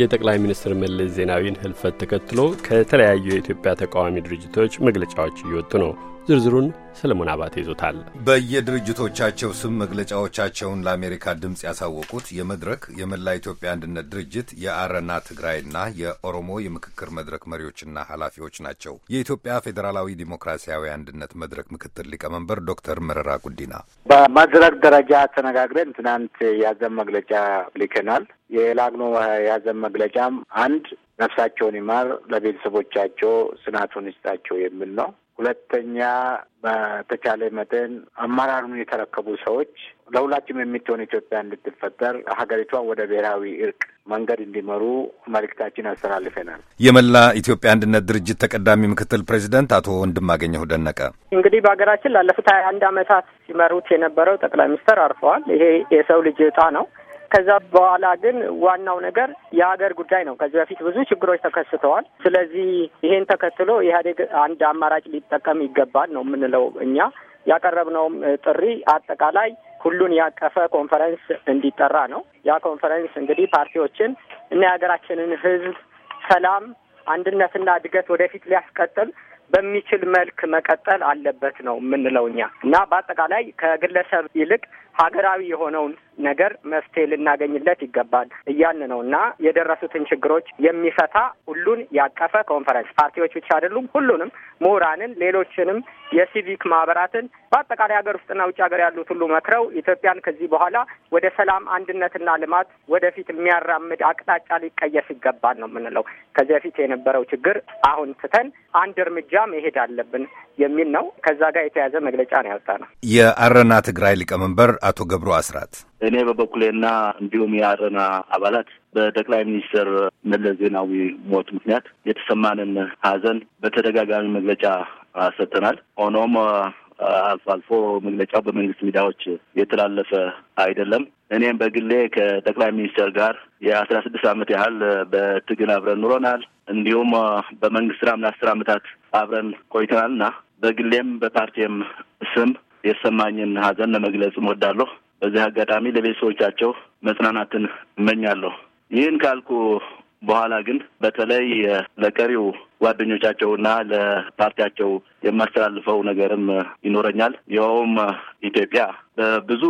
የጠቅላይ ሚኒስትር መለስ ዜናዊን ህልፈት ተከትሎ ከተለያዩ የኢትዮጵያ ተቃዋሚ ድርጅቶች መግለጫዎች እየወጡ ነው። ዝርዝሩን ሰለሞን አባት ይዞታል። በየድርጅቶቻቸው ስም መግለጫዎቻቸውን ለአሜሪካ ድምፅ ያሳወቁት የመድረክ የመላ ኢትዮጵያ አንድነት ድርጅት የአረና ትግራይና የኦሮሞ የምክክር መድረክ መሪዎችና ኃላፊዎች ናቸው። የኢትዮጵያ ፌዴራላዊ ዲሞክራሲያዊ አንድነት መድረክ ምክትል ሊቀመንበር ዶክተር መረራ ጉዲና በመድረክ ደረጃ ተነጋግረን ትናንት የያዘን መግለጫ ልከናል። የላግኖ የያዘን መግለጫም አንድ ነፍሳቸውን ይማር ለቤተሰቦቻቸው ጽናቱን ይስጣቸው የሚል ነው። ሁለተኛ በተቻለ መጠን አመራሩን የተረከቡ ሰዎች ለሁላችም የምትሆን ኢትዮጵያ እንድትፈጠር ሀገሪቷን ወደ ብሔራዊ እርቅ መንገድ እንዲመሩ መልእክታችን አስተላልፈናል። የመላ ኢትዮጵያ አንድነት ድርጅት ተቀዳሚ ምክትል ፕሬዚደንት አቶ ወንድማገኘሁ ደነቀ እንግዲህ በሀገራችን ላለፉት ሀያ አንድ አመታት ሲመሩት የነበረው ጠቅላይ ሚኒስትር አርፈዋል። ይሄ የሰው ልጅ እጣ ነው። ከዛ በኋላ ግን ዋናው ነገር የሀገር ጉዳይ ነው። ከዚህ በፊት ብዙ ችግሮች ተከስተዋል። ስለዚህ ይሄን ተከትሎ ኢህአዴግ አንድ አማራጭ ሊጠቀም ይገባል ነው የምንለው እኛ ያቀረብነውም ጥሪ አጠቃላይ ሁሉን ያቀፈ ኮንፈረንስ እንዲጠራ ነው። ያ ኮንፈረንስ እንግዲህ ፓርቲዎችን እና የሀገራችንን ህዝብ ሰላም፣ አንድነትና እድገት ወደፊት ሊያስቀጥል በሚችል መልክ መቀጠል አለበት ነው የምንለው እኛ እና በአጠቃላይ ከግለሰብ ይልቅ ሀገራዊ የሆነውን ነገር መፍትሄ ልናገኝለት ይገባል እያን ነው እና የደረሱትን ችግሮች የሚፈታ ሁሉን ያቀፈ ኮንፈረንስ ፓርቲዎች ብቻ አይደሉም፣ ሁሉንም ምሁራንን፣ ሌሎችንም የሲቪክ ማህበራትን በአጠቃላይ ሀገር ውስጥና ውጭ ሀገር ያሉት ሁሉ መክረው ኢትዮጵያን ከዚህ በኋላ ወደ ሰላም አንድነትና ልማት ወደፊት የሚያራምድ አቅጣጫ ሊቀየስ ይገባል ነው የምንለው። ከዚህ በፊት የነበረው ችግር አሁን ትተን አንድ እርምጃ መሄድ አለብን የሚል ነው። ከዛ ጋር የተያዘ መግለጫ ነው ያወጣ ነው። የአረና ትግራይ ሊቀመንበር አቶ ገብሩ አስራት እኔ በበኩሌና እንዲሁም የአረና አባላት በጠቅላይ ሚኒስትር መለስ ዜናዊ ሞት ምክንያት የተሰማንን ሀዘን በተደጋጋሚ መግለጫ ሰጥተናል። ሆኖም አልፎ አልፎ መግለጫው በመንግስት ሚዲያዎች የተላለፈ አይደለም። እኔም በግሌ ከጠቅላይ ሚኒስትር ጋር የአስራ ስድስት ዓመት ያህል በትግል አብረን ኑሮናል። እንዲሁም በመንግስት ስራም ለአስር ዓመታት አብረን ቆይተናል እና በግሌም በፓርቲም ስም የተሰማኝን ሀዘን ለመግለጽ እወዳለሁ። በዚህ አጋጣሚ ለቤተሰቦቻቸው መጽናናትን እመኛለሁ። ይህን ካልኩ በኋላ ግን በተለይ ለቀሪው ጓደኞቻቸውና ለፓርቲያቸው የማስተላልፈው ነገርም ይኖረኛል። ይኸውም ኢትዮጵያ በብዙ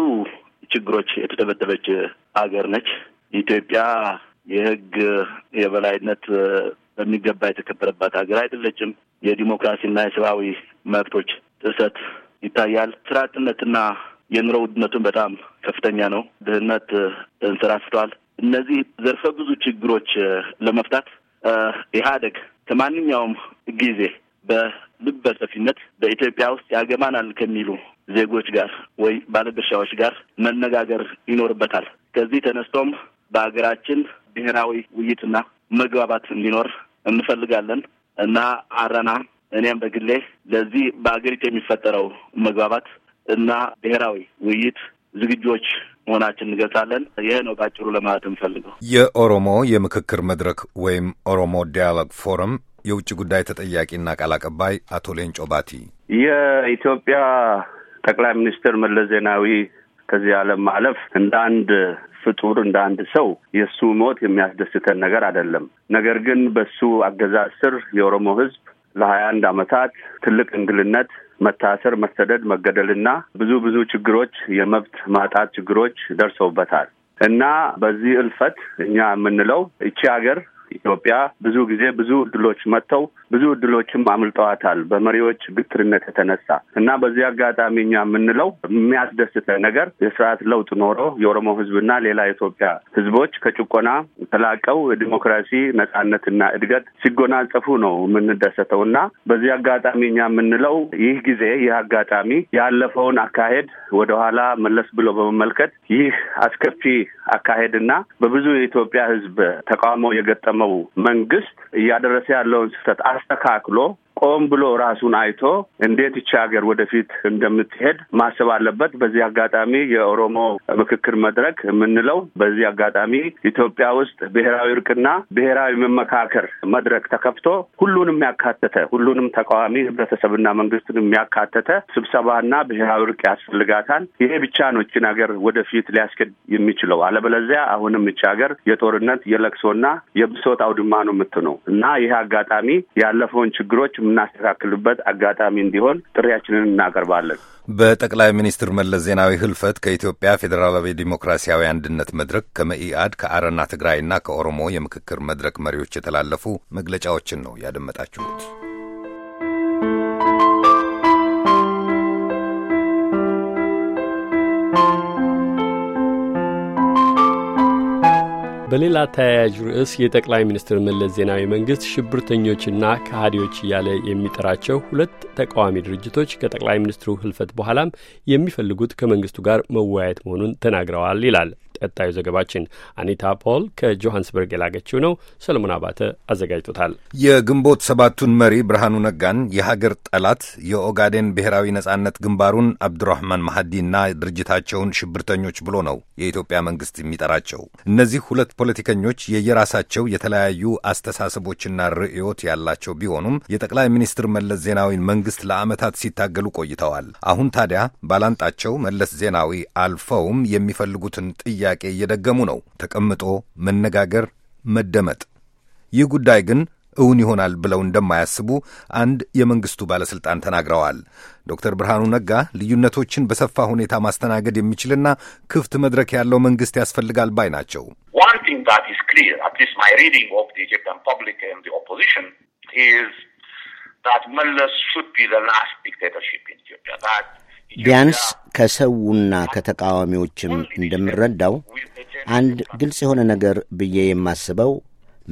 ችግሮች የተደበደበች ሀገር ነች። ኢትዮጵያ የሕግ የበላይነት በሚገባ የተከበረባት ሀገር አይደለችም። የዲሞክራሲና የሰብአዊ መብቶች ጥሰት ይታያል። ስራ አጥነትና የኑሮ ውድነቱን በጣም ከፍተኛ ነው። ድህነት እንሰራፍቷል። እነዚህ ዘርፈ ብዙ ችግሮች ለመፍታት ኢህአደግ ከማንኛውም ጊዜ በልበ ሰፊነት በኢትዮጵያ ውስጥ ያገባናል ከሚሉ ዜጎች ጋር ወይ ባለድርሻዎች ጋር መነጋገር ይኖርበታል። ከዚህ ተነስቶም በሀገራችን ብሔራዊ ውይይትና መግባባት እንዲኖር እንፈልጋለን እና አረና እኔም በግሌ ለዚህ በአገሪቱ የሚፈጠረው መግባባት እና ብሔራዊ ውይይት ዝግጆች መሆናችን እንገልጻለን። ይህ ነው በአጭሩ ለማለት የምፈልገው። የኦሮሞ የምክክር መድረክ ወይም ኦሮሞ ዲያሎግ ፎረም የውጭ ጉዳይ ተጠያቂና ቃል አቀባይ አቶ ሌንጮ ባቲ የኢትዮጵያ ጠቅላይ ሚኒስትር መለስ ዜናዊ ከዚህ ዓለም ማለፍ እንደ አንድ ፍጡር እንደ አንድ ሰው የእሱ ሞት የሚያስደስተን ነገር አይደለም። ነገር ግን በሱ አገዛዝ ስር የኦሮሞ ሕዝብ ለሀያ አንድ አመታት ትልቅ እንግልነት መታሰር፣ መሰደድ፣ መገደልና ብዙ ብዙ ችግሮች የመብት ማጣት ችግሮች ደርሰውበታል እና በዚህ እልፈት እኛ የምንለው እቺ ሀገር ኢትዮጵያ ብዙ ጊዜ ብዙ እድሎች መጥተው ብዙ እድሎችም አምልጠዋታል በመሪዎች ግትርነት የተነሳ እና በዚህ አጋጣሚ እኛ የምንለው የሚያስደስተ ነገር የስርዓት ለውጥ ኖሮ የኦሮሞ ህዝብና ሌላ የኢትዮጵያ ህዝቦች ከጭቆና ተላቀው የዲሞክራሲ ነጻነትና እድገት ሲጎናጸፉ ነው የምንደሰተው እና በዚህ አጋጣሚ እኛ የምንለው ይህ ጊዜ ይህ አጋጣሚ ያለፈውን አካሄድ ወደኋላ መለስ ብሎ በመመልከት ይህ አስከፊ አካሄድና በብዙ የኢትዮጵያ ህዝብ ተቃውሞ የገጠመው የቀደመው መንግስት እያደረሰ ያለውን ስህተት አስተካክሎ ቆም ብሎ ራሱን አይቶ እንዴት ይቺ ሀገር ወደፊት እንደምትሄድ ማሰብ አለበት። በዚህ አጋጣሚ የኦሮሞ ምክክር መድረክ የምንለው በዚህ አጋጣሚ ኢትዮጵያ ውስጥ ብሔራዊ እርቅና ብሔራዊ መመካከር መድረክ ተከፍቶ ሁሉንም ያካተተ ሁሉንም ተቃዋሚ ህብረተሰብና መንግስትን የሚያካተተ ስብሰባና ብሔራዊ እርቅ ያስፈልጋታል። ይሄ ብቻ ነው ይችን ሀገር ወደፊት ሊያስኬድ የሚችለው። አለበለዚያ አሁንም ይች ሀገር የጦርነት የለቅሶና የብሶት አውድማ ነው የምትነው እና ይህ አጋጣሚ ያለፈውን ችግሮች የምናስተካክልበት አጋጣሚ እንዲሆን ጥሪያችንን እናቀርባለን። በጠቅላይ ሚኒስትር መለስ ዜናዊ ህልፈት ከኢትዮጵያ ፌዴራላዊ ዲሞክራሲያዊ አንድነት መድረክ፣ ከመኢአድ፣ ከአረና ትግራይና ከኦሮሞ የምክክር መድረክ መሪዎች የተላለፉ መግለጫዎችን ነው ያደመጣችሁት። በሌላ ተያያዥ ርዕስ የጠቅላይ ሚኒስትር መለስ ዜናዊ መንግስት ሽብርተኞችና ከሃዲዎች እያለ የሚጠራቸው ሁለት ተቃዋሚ ድርጅቶች ከጠቅላይ ሚኒስትሩ ህልፈት በኋላም የሚፈልጉት ከመንግስቱ ጋር መወያየት መሆኑን ተናግረዋል ይላል ቀጣዩ ዘገባችን። አኒታ ፖል ከጆሃንስበርግ የላገችው ነው። ሰለሞን አባተ አዘጋጅቶታል። የግንቦት ሰባቱን መሪ ብርሃኑ ነጋን የሀገር ጠላት የኦጋዴን ብሔራዊ ነጻነት ግንባሩን አብዱራህማን ማሀዲና ድርጅታቸውን ሽብርተኞች ብሎ ነው የኢትዮጵያ መንግስት የሚጠራቸው። እነዚህ ሁለት ፖለቲከኞች የየራሳቸው የተለያዩ አስተሳሰቦችና ርዕዮት ያላቸው ቢሆኑም የጠቅላይ ሚኒስትር መለስ ዜናዊን መንግስት ለዓመታት ሲታገሉ ቆይተዋል። አሁን ታዲያ ባላንጣቸው መለስ ዜናዊ አልፈውም የሚፈልጉትን ጥያቄ ጥያቄ እየደገሙ ነው። ተቀምጦ መነጋገር፣ መደመጥ። ይህ ጉዳይ ግን እውን ይሆናል ብለው እንደማያስቡ አንድ የመንግስቱ ባለሥልጣን ተናግረዋል። ዶክተር ብርሃኑ ነጋ ልዩነቶችን በሰፋ ሁኔታ ማስተናገድ የሚችልና ክፍት መድረክ ያለው መንግስት ያስፈልጋል ባይ ናቸው። መለስ ቢያንስ ከሰውና ከተቃዋሚዎችም እንደምረዳው አንድ ግልጽ የሆነ ነገር ብዬ የማስበው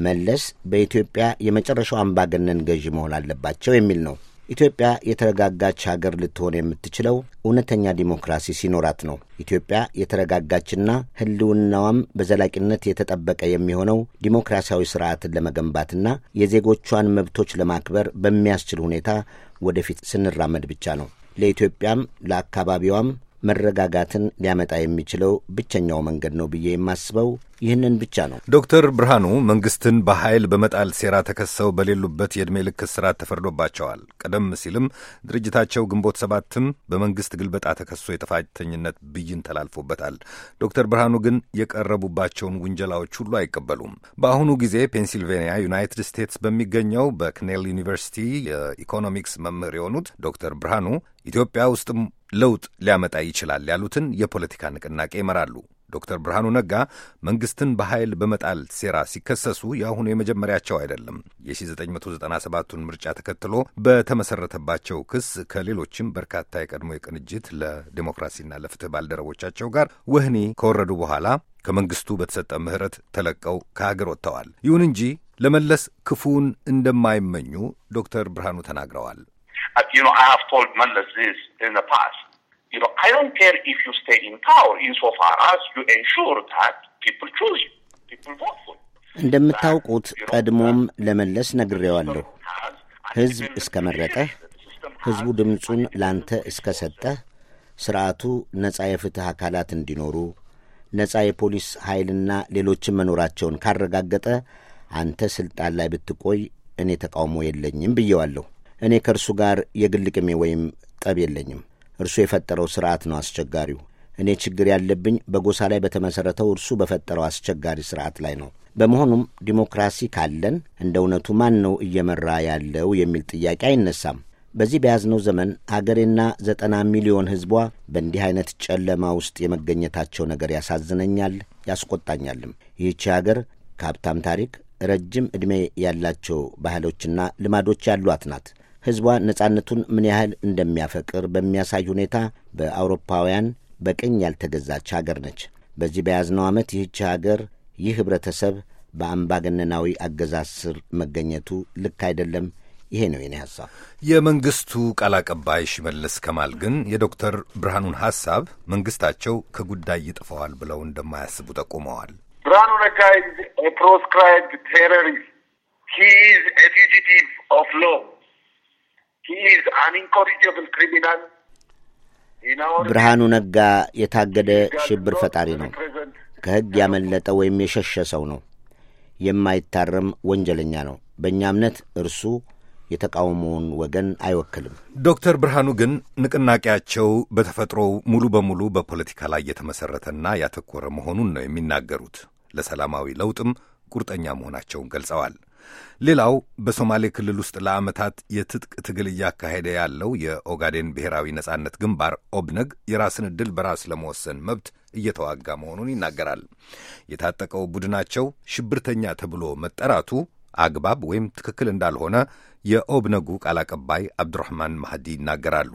መለስ በኢትዮጵያ የመጨረሻው አምባገነን ገዢ መሆን አለባቸው የሚል ነው። ኢትዮጵያ የተረጋጋች ሀገር ልትሆን የምትችለው እውነተኛ ዲሞክራሲ ሲኖራት ነው። ኢትዮጵያ የተረጋጋችና ሕልውናዋም በዘላቂነት የተጠበቀ የሚሆነው ዲሞክራሲያዊ ስርዓትን ለመገንባትና የዜጎቿን መብቶች ለማክበር በሚያስችል ሁኔታ ወደፊት ስንራመድ ብቻ ነው። ለኢትዮጵያም ለአካባቢዋም መረጋጋትን ሊያመጣ የሚችለው ብቸኛው መንገድ ነው ብዬ የማስበው ይህንን ብቻ ነው። ዶክተር ብርሃኑ መንግስትን በኃይል በመጣል ሴራ ተከሰው በሌሉበት የዕድሜ ልክ እስራት ተፈርዶባቸዋል። ቀደም ሲልም ድርጅታቸው ግንቦት ሰባትም በመንግስት ግልበጣ ተከሶ የጥፋተኝነት ብይን ተላልፎበታል። ዶክተር ብርሃኑ ግን የቀረቡባቸውን ውንጀላዎች ሁሉ አይቀበሉም። በአሁኑ ጊዜ ፔንሲልቬንያ ዩናይትድ ስቴትስ በሚገኘው በክኔል ዩኒቨርሲቲ የኢኮኖሚክስ መምህር የሆኑት ዶክተር ብርሃኑ ኢትዮጵያ ውስጥም ለውጥ ሊያመጣ ይችላል ያሉትን የፖለቲካ ንቅናቄ ይመራሉ። ዶክተር ብርሃኑ ነጋ መንግስትን በኃይል በመጣል ሴራ ሲከሰሱ የአሁኑ የመጀመሪያቸው አይደለም። የ1997ቱን ምርጫ ተከትሎ በተመሰረተባቸው ክስ ከሌሎችም በርካታ የቀድሞ የቅንጅት ለዲሞክራሲና ለፍትህ ባልደረቦቻቸው ጋር ወህኒ ከወረዱ በኋላ ከመንግስቱ በተሰጠ ምህረት ተለቀው ከሀገር ወጥተዋል። ይሁን እንጂ ለመለስ ክፉን እንደማይመኙ ዶክተር ብርሃኑ ተናግረዋል። uh, you know, I have told Mendez this in the past. You know, I don't care if you stay in power insofar as you ensure that people choose you, people vote for you. እንደምታውቁት ቀድሞም ለመለስ ነግሬዋለሁ። ሕዝብ እስከ መረጠህ፣ ሕዝቡ ድምፁን ላንተ እስከ ሰጠ፣ ሥርዓቱ ነጻ የፍትሕ አካላት እንዲኖሩ ነጻ የፖሊስ ኃይልና ሌሎችም መኖራቸውን ካረጋገጠ አንተ ሥልጣን ላይ ብትቆይ እኔ ተቃውሞ የለኝም ብየዋለሁ። እኔ ከእርሱ ጋር የግል ቅሜ ወይም ጠብ የለኝም። እርሱ የፈጠረው ስርዓት ነው አስቸጋሪው። እኔ ችግር ያለብኝ በጎሳ ላይ በተመሠረተው እርሱ በፈጠረው አስቸጋሪ ስርዓት ላይ ነው። በመሆኑም ዲሞክራሲ ካለን እንደ እውነቱ ማን ነው እየመራ ያለው የሚል ጥያቄ አይነሳም። በዚህ በያዝነው ዘመን አገሬና ዘጠና ሚሊዮን ሕዝቧ በእንዲህ አይነት ጨለማ ውስጥ የመገኘታቸው ነገር ያሳዝነኛል፣ ያስቆጣኛልም። ይህቺ አገር ከሀብታም ታሪክ ረጅም ዕድሜ ያላቸው ባህሎችና ልማዶች ያሏት ናት። ሕዝቧ ነጻነቱን ምን ያህል እንደሚያፈቅር በሚያሳይ ሁኔታ በአውሮፓውያን በቅኝ ያልተገዛች ሀገር ነች። በዚህ በያዝነው ዓመት ይህች ሀገር ይህ ኅብረተሰብ በአምባገነናዊ አገዛዝ ስር መገኘቱ ልክ አይደለም። ይሄ ነው የኔ ሀሳብ። የመንግሥቱ ቃል አቀባይ ሽመልስ ከማል ግን የዶክተር ብርሃኑን ሀሳብ መንግስታቸው ከጉዳይ ይጥፈዋል ብለው እንደማያስቡ ጠቁመዋል። ብርሃኑ ነጋ ፕሮስክራይብድ ቴሮሪስት ሂ ኢዝ ኤ ኦፍ ሎው ብርሃኑ ነጋ የታገደ ሽብር ፈጣሪ ነው። ከሕግ ያመለጠ ወይም የሸሸ ሰው ነው። የማይታረም ወንጀለኛ ነው። በእኛ እምነት እርሱ የተቃውሞውን ወገን አይወክልም። ዶክተር ብርሃኑ ግን ንቅናቄያቸው በተፈጥሮው ሙሉ በሙሉ በፖለቲካ ላይ የተመሠረተና ያተኮረ መሆኑን ነው የሚናገሩት። ለሰላማዊ ለውጥም ቁርጠኛ መሆናቸውን ገልጸዋል። ሌላው በሶማሌ ክልል ውስጥ ለዓመታት የትጥቅ ትግል እያካሄደ ያለው የኦጋዴን ብሔራዊ ነጻነት ግንባር ኦብነግ የራስን ዕድል በራስ ለመወሰን መብት እየተዋጋ መሆኑን ይናገራል። የታጠቀው ቡድናቸው ሽብርተኛ ተብሎ መጠራቱ አግባብ ወይም ትክክል እንዳልሆነ የኦብነጉ ቃል አቀባይ አብዱራህማን ማህዲ ይናገራሉ።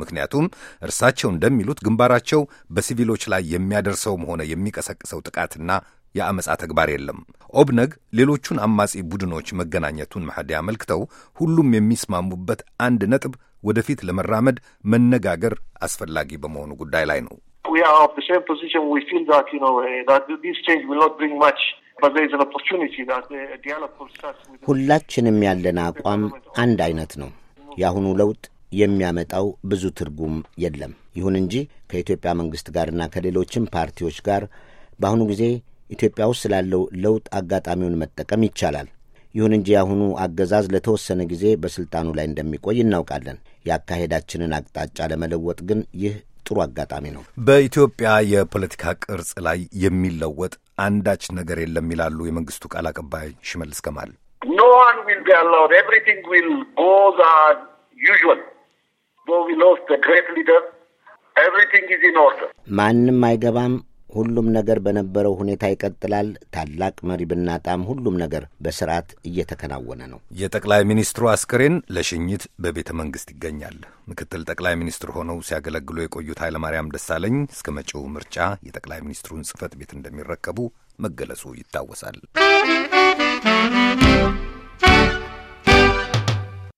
ምክንያቱም እርሳቸው እንደሚሉት ግንባራቸው በሲቪሎች ላይ የሚያደርሰውም ሆነ የሚቀሰቅሰው ጥቃትና የአመፃ ተግባር የለም። ኦብነግ ሌሎቹን አማጺ ቡድኖች መገናኘቱን መሐዲ አመልክተው ሁሉም የሚስማሙበት አንድ ነጥብ ወደፊት ለመራመድ መነጋገር አስፈላጊ በመሆኑ ጉዳይ ላይ ነው። eh, eh, ሁላችንም ያለን አቋም አንድ አይነት ነው። የአሁኑ ለውጥ የሚያመጣው ብዙ ትርጉም የለም። ይሁን እንጂ ከኢትዮጵያ መንግሥት ጋርና ከሌሎችም ፓርቲዎች ጋር በአሁኑ ጊዜ ኢትዮጵያ ውስጥ ስላለው ለውጥ አጋጣሚውን መጠቀም ይቻላል። ይሁን እንጂ የአሁኑ አገዛዝ ለተወሰነ ጊዜ በስልጣኑ ላይ እንደሚቆይ እናውቃለን። የአካሄዳችንን አቅጣጫ ለመለወጥ ግን ይህ ጥሩ አጋጣሚ ነው። በኢትዮጵያ የፖለቲካ ቅርጽ ላይ የሚለወጥ አንዳች ነገር የለም ይላሉ የመንግስቱ ቃል አቀባይ ሽመልስ ከማል። ኤቭሪቲንግ ማንም አይገባም ሁሉም ነገር በነበረው ሁኔታ ይቀጥላል። ታላቅ መሪ ብናጣም ሁሉም ነገር በስርዓት እየተከናወነ ነው። የጠቅላይ ሚኒስትሩ አስክሬን ለሽኝት በቤተ መንግስት ይገኛል። ምክትል ጠቅላይ ሚኒስትር ሆነው ሲያገለግሉ የቆዩት ኃይለማርያም ደሳለኝ እስከ መጪው ምርጫ የጠቅላይ ሚኒስትሩን ጽህፈት ቤት እንደሚረከቡ መገለጹ ይታወሳል።